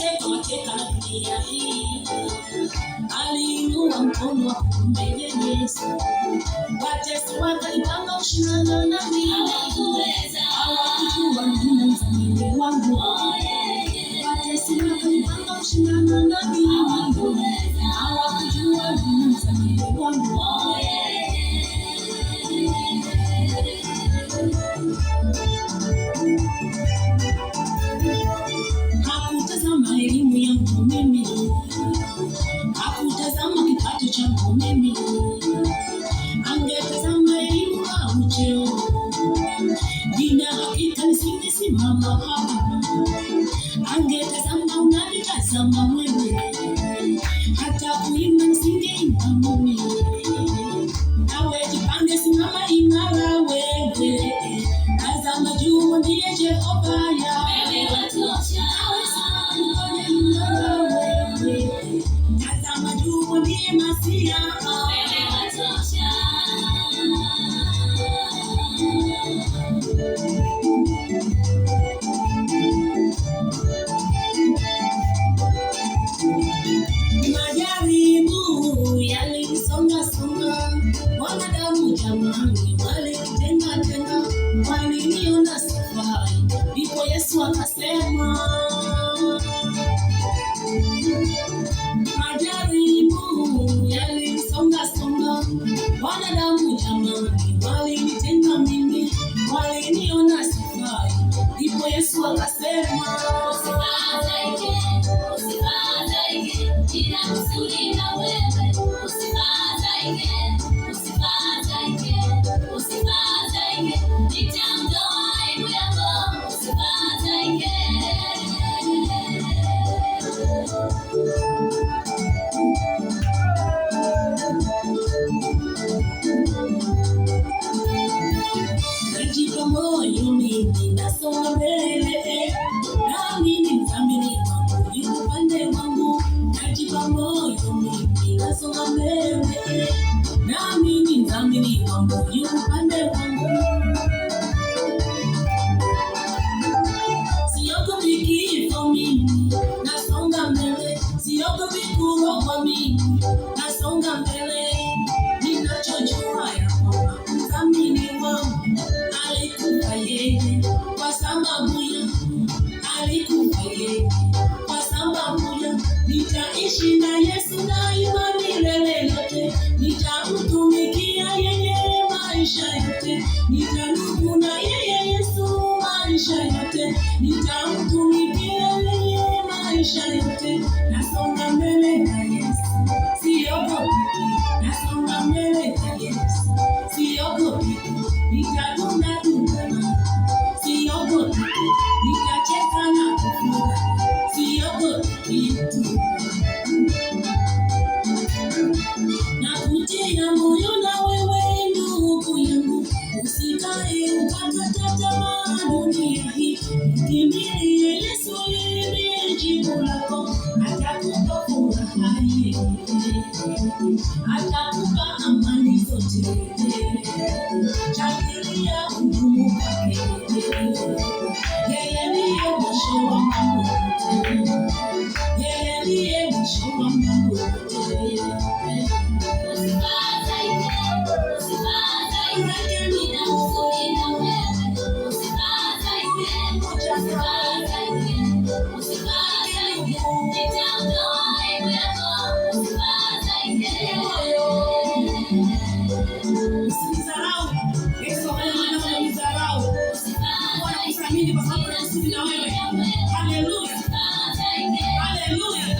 mateka mateka na dunia hii. Aliinua mkono wa kumbenye Yesu, watesi wakaipanga kushindana nami, hawakujua nina mzamini wangu. Watesi wakaipanga kushindana hawakujua nina mzamini wangu mean see ya. Thank you. Usinidharau. Yesu afanye maana unanidharau. Unakuamini kwa sababu anaishi na wewe. Haleluya. Haleluya. Haleluya.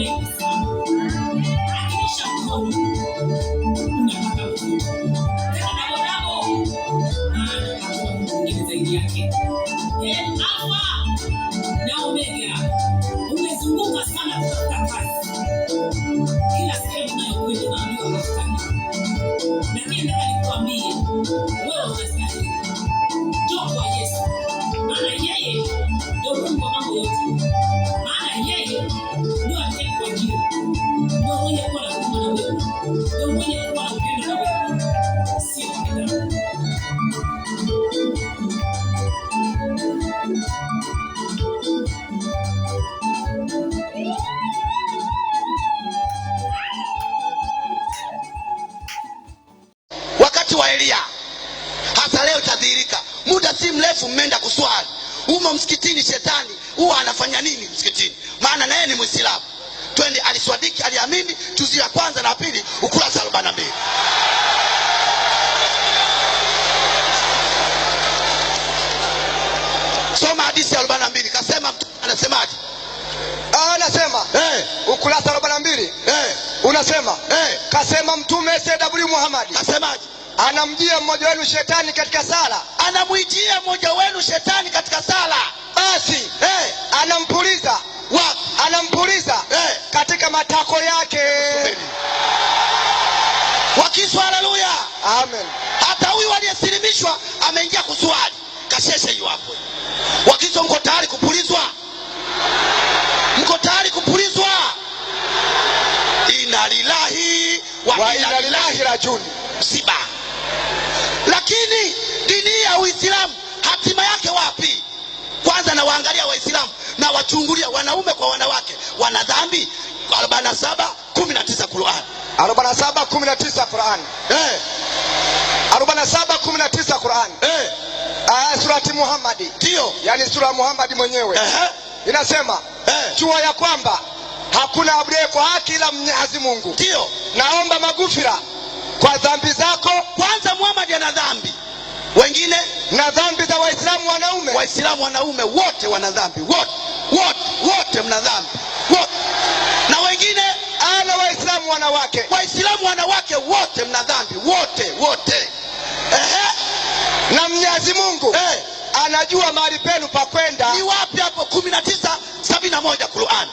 Música aliswadiki, aliamini juzi ya kwanza na pili, ukurasa arobaini na mbili. Soma hadithi ya arobaini na mbili. Kasema mtu anasemaje? Ah, anasema hey. Eh. Ukurasa arobaini na mbili hey. Eh. Unasema hey. Eh. Kasema Mtume SAW Muhammad asemaje? Anamjia mmoja wenu shetani katika sala, anamwijia mmoja wenu shetani katika sala, basi hey. Anampuliza wapi? anampuliza hey, eh. katika matako yake. Wakiswa haleluya, amen. Hata huyu aliyesilimishwa ameingia kuswali kasheshe iwapo. Wakiswa, mko tayari kupulizwa? Mko tayari kupulizwa? Inna lillahi wa inna ilaihi rajiun. Msiba. Lakini dini ya Uislamu hatima yake wapi? Kwanza nawaangalia Waislamu na wachungulia wanaume kwa wanawake wana dhambi 47 19 Qur'an 47 19 Qur'an eh 47 19 Qur'an eh ah surati Muhammad ndio yani sura Muhammad mwenyewe eh inasema eh chua ya kwamba hakuna abudie kwa haki ila Mwenyezi Mungu ndio naomba magufira kwa dhambi zako kwanza Muhammad ana dhambi wengine na dhambi za Waislamu wanaume Waislamu wanaume wote wana dhambi wote wote wote mna dhambi wote, na wengine ana Waislamu wanawake, Waislamu wanawake wote mna dhambi wote wote. Ehe, na Mwenyezi Mungu eh, eh anajua mahali penu pa kwenda ni wapi. Hapo 19 71 Qur'an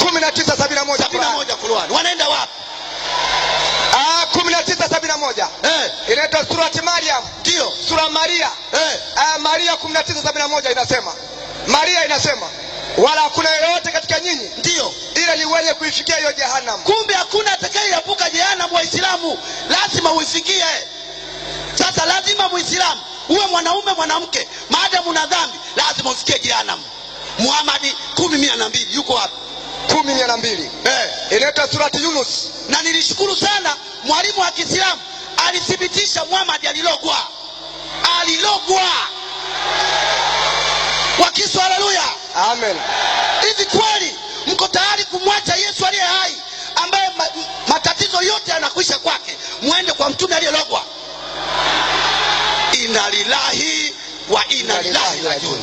1971 Qur'an, wanaenda wapi? Ah, 1971 eh, inaitwa surati Maryam, ndio sura Maria eh, ah, Maria 1971 inasema Maria inasema wala hakuna yoyote katika nyinyi ndio ila ni wenye kuifikia hiyo jehanamu. Kumbe hakuna atakayeepuka jehanamu. Waislamu lazima uifikie. Sasa lazima Muislamu uwe mwanaume mwanamke, maadamu una dhambi lazima ufikie jehanamu. Muhammad kumi mia na mbili yuko wapi? kumi mia na mbili hey. Eh. Inaitwa surati Yunus. Na nilishukuru sana mwalimu wa Kiislamu alithibitisha Muhammad alilogwa, alilogwa kwa Kristo. Haleluya, amen. Hivi kweli mko tayari kumwacha Yesu aliye hai ambaye matatizo yote yanakwisha kwake, mwende kwa mtume aliyelogwa? Inna lillahi wa inna ilaihi rajiun.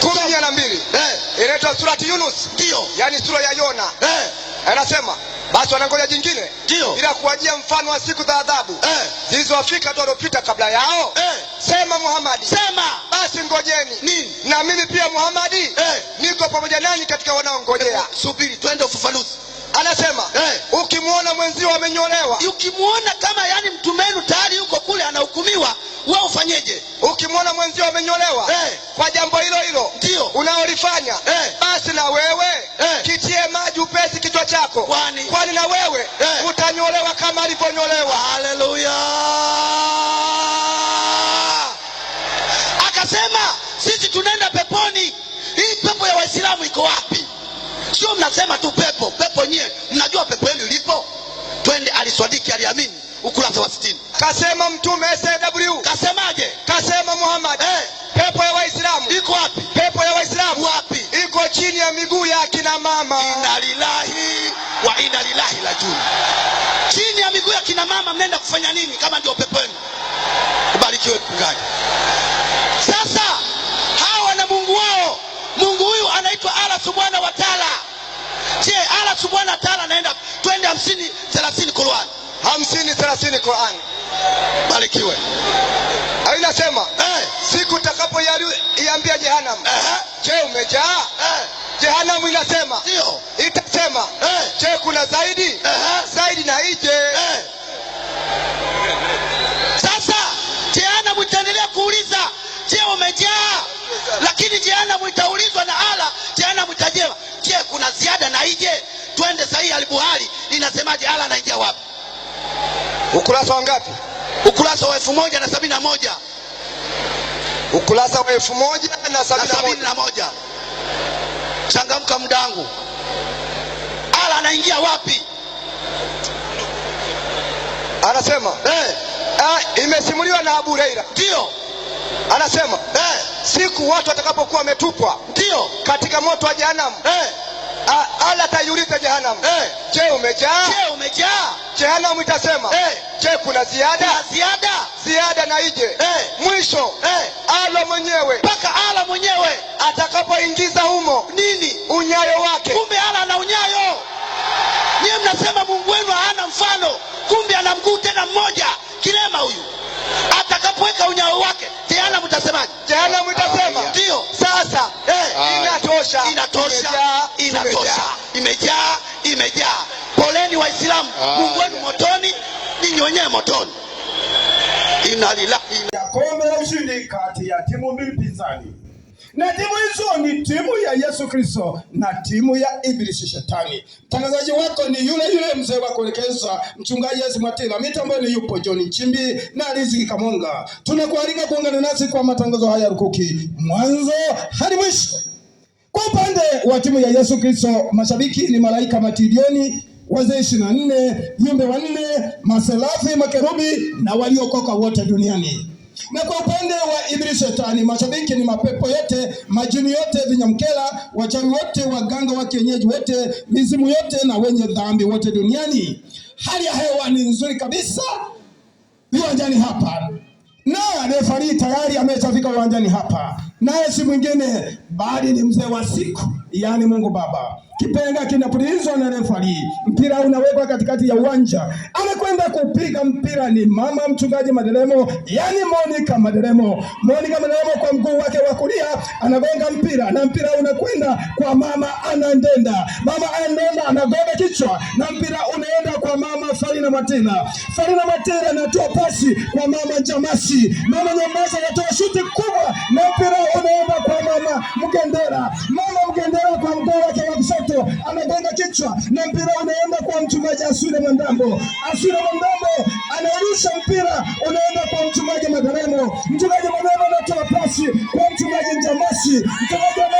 kumi na mbili eh, inaitwa surati Yunus, ndio yani sura ya Yona eh, anasema basi wanangoja jingine, ndio ila kuwajia mfano wa siku za adhabu eh, zilizowafika tu waliopita kabla yao eh. Sema Muhamadi, sema basi, ngojeni nini? Na mimi pia Muhamadi eh, niko pamoja nanyi katika wanaongojea. Subiri twende ufafanuzi. Anasema eh, ukimwona mwenzio amenyolewa, ukimwona kama yani mtumenu tayari yuko kule anahukumiwa, wewe ufanyeje? Ukimwona mwenzio amenyolewa eh, kwa jambo hilo hilo ndio unaolifanya eh, basi na wewe eh, kitie chako, kwani kwani na wewe hey, eh. utanyolewa kama alivyonyolewa. Haleluya! Akasema sisi tunaenda peponi. Hii pepo ya Waislamu iko wapi? Sio mnasema tu pepo pepo, nyie mnajua pepo yenu ilipo. Twende aliswadiki aliamini, ukurasa wa 60 Kasema mtume SW kasemaje? Kasema Muhammad, hey, eh. pepo ya Waislamu iko wapi? Pepo ya Waislamu wapi? Iko chini ya miguu ya akina mama. Inalilahi inna lillahi rajiun. Chini ya miguu ya kina mama mnaenda kufanya nini kama ndio peponi? Ubarikiwe mchungaji. Sasa hawa na Mungu wao, Mungu huyu anaitwa Allah subhanahu wa taala. Je, Allah subhanahu wa taala anaenda twende 50 30 quran 50 30 quran barikiwe. Inasema hey, eh. siku utakapoiambia Jehanamu, eh. je, umejaa? hey. Eh. Jehanamu inasema ndio, itasema eh. Je, kuna zaidi eh? zaidi na ije eh. Sasa jehanamu itaendelea kuuliza, je, umejaa? Lakini jehanamu itaulizwa na ala, jehanamu itajewa je, kuna ziada na ije? Twende sahihi, Albuhari inasemaje? Ala anaingia wapi? Ukurasa wa ngapi? Ukurasa wa elfu moja na sabini na moja ukurasa wa elfu moja na sabini na moja Changamka mdangu, ala anaingia wapi? Anasema eh, ah, imesimuliwa na Abu Huraira, ndio anasema eh, siku watu watakapokuwa wametupwa ndio katika moto wa jahanamu eh ala tayurita jehanamu eh. Je, umejaa? Je, umejaa? Jehanamu itasema eh. Je, kuna ziada? ziada? Ziada na ije eh. Mwisho alo Ala mwenyewe mpaka ala mwenyewe atakapoingiza humo nini? Unyayo wake. Kumbe ala na unyayo. Niye mnasema Mungu wenu hana mfano, kumbe ana mguu tena mmoja, kilema huyu. Atakapoweka unyayo wake, jehanamu itasemaje? Jehanamu itasema ndio sasa eh. Inatosha, inatosha inatosha, imejaa, imejaa. Poleni Waislamu, Mungu ah. wenu motoni, ninyi wenyewe motoni. ya Kombe la ushindi kati ya timu mbili pinzani, na timu hizo ni timu ya Yesu Kristo na timu ya Ibilisi Shetani. Mtangazaji wako ni yule yule mzee wa kuelekeza, mchungaji Yesu Mwatila. Mitamboni yupo John chimbi na Riziki Kamonga. Tunakualika kuungana nasi kwa matangazo haya rukuki mwanzo hadi mwisho. Kwa upande wa timu ya Yesu Kristo, mashabiki ni malaika matilioni, wazee ishirini na nne, viumbe wanne, maselafi, makerubi na waliokoka wote duniani. Na kwa upande wa Ibilisi Shetani, mashabiki ni mapepo yote, majini yote, vinyamkela, wachawi wote, waganga wa kienyeji wote, mizimu yote na wenye dhambi wote duniani. Hali ya hewa ni nzuri kabisa viwanjani hapa, na refarii tayari ameshafika uwanjani hapa naye si mwingine bali ni mzee wa siku, yaani Mungu Baba kipenga kinapulizwa na refari, mpira unawekwa katikati ya uwanja, anakwenda kupiga mpira ni mama mchungaji Maderemo, yani Monica Maderemo. Monica Maderemo kwa mguu wake wa kulia anagonga mpira na mpira unakwenda kwa mama Anandenda. Mama Anandenda anagonga kichwa na mpira unaenda kwa mama Farina Matera. Farina Matera anatoa pasi kwa mama Jamasi. Mama Jamasi anatoa shuti kubwa na mpira unaenda kwa mama Mgendera. Mama Mgendera kwa mguu wake wa kushoto hapo, amegonga kichwa na mpira unaenda kwa mchungaji Aswile Mwandambo. Aswile Mwandambo anailisha mpira unaenda kwa mchungaji Magaremo. Mchungaji Magaremo anatoa pasi kwa mchungaji Njamasi. Mchumaji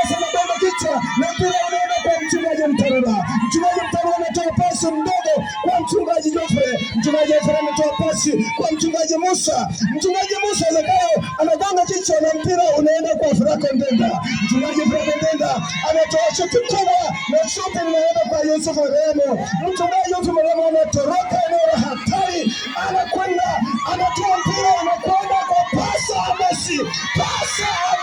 mchungaji Ezra ametoa pasi kwa mchungaji Musa. Mchungaji Musa Zakayo anagonga kichwa na mpira unaenda kwa Franco Ndenda. Mchungaji Franco Ndenda anatoa shuti kubwa na shuti inaenda kwa Yusuf Maremo. Mchungaji Yusuf Maremo anatoroka eneo la hatari, anakwenda anatoa mpira unakwenda kwa pasa Messi, pasa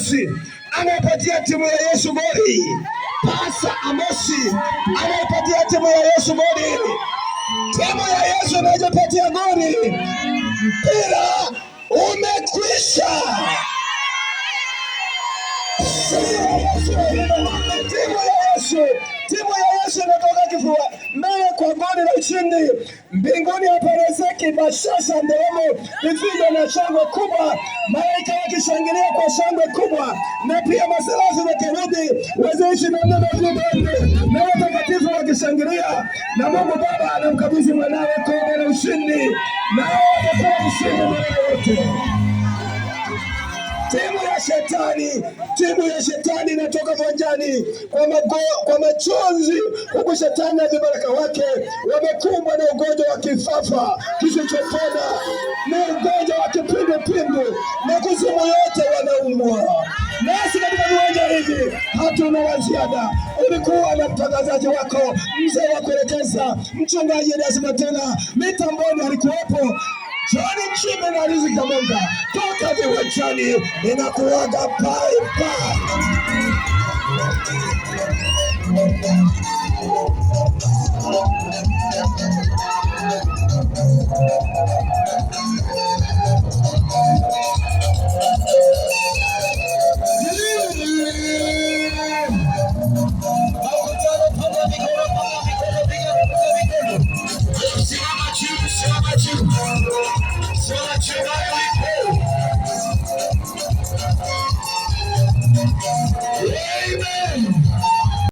Amosi anaipatia timu ya Yesu goli. Pasa Amosi anaipatia timu ya Yesu goli. Timu ya Yesu anaipatia goli. Mpira umekwisha. Timu ya Yesu Yesu, timu ya Yesu inatoka kifua mbele kwa goli la ushindi. Mbinguni haparezeki, bashasha nderemo, vifijo na shangwe kubwa, malaika wakishangilia kwa shangwe kubwa, na pia maserafi na kerubi wazeishi namna na watakatifu wakishangilia, na Mungu Baba anamkabidhi mwanawe kombe la ushindi, nao watakuwa ushindi mara yote shetani, timu ya shetani inatoka uwanjani kwa, kwa machozi, huku shetani na vibaraka wake wamekumbwa na ugonjwa wa kifafa kisichopona na ugonjwa wa kipindupindu na kuzimu yote wanaumwa. Nasi katika viwanja hivi hatuna la ziada. Ulikuwa na mtangazaji wako mzee wa kuelekeza mchungaji Erasmus tena mitamboni alikuwepo. Johnny Chimney na Riziki Kamonga toka na inakuaga bye bye.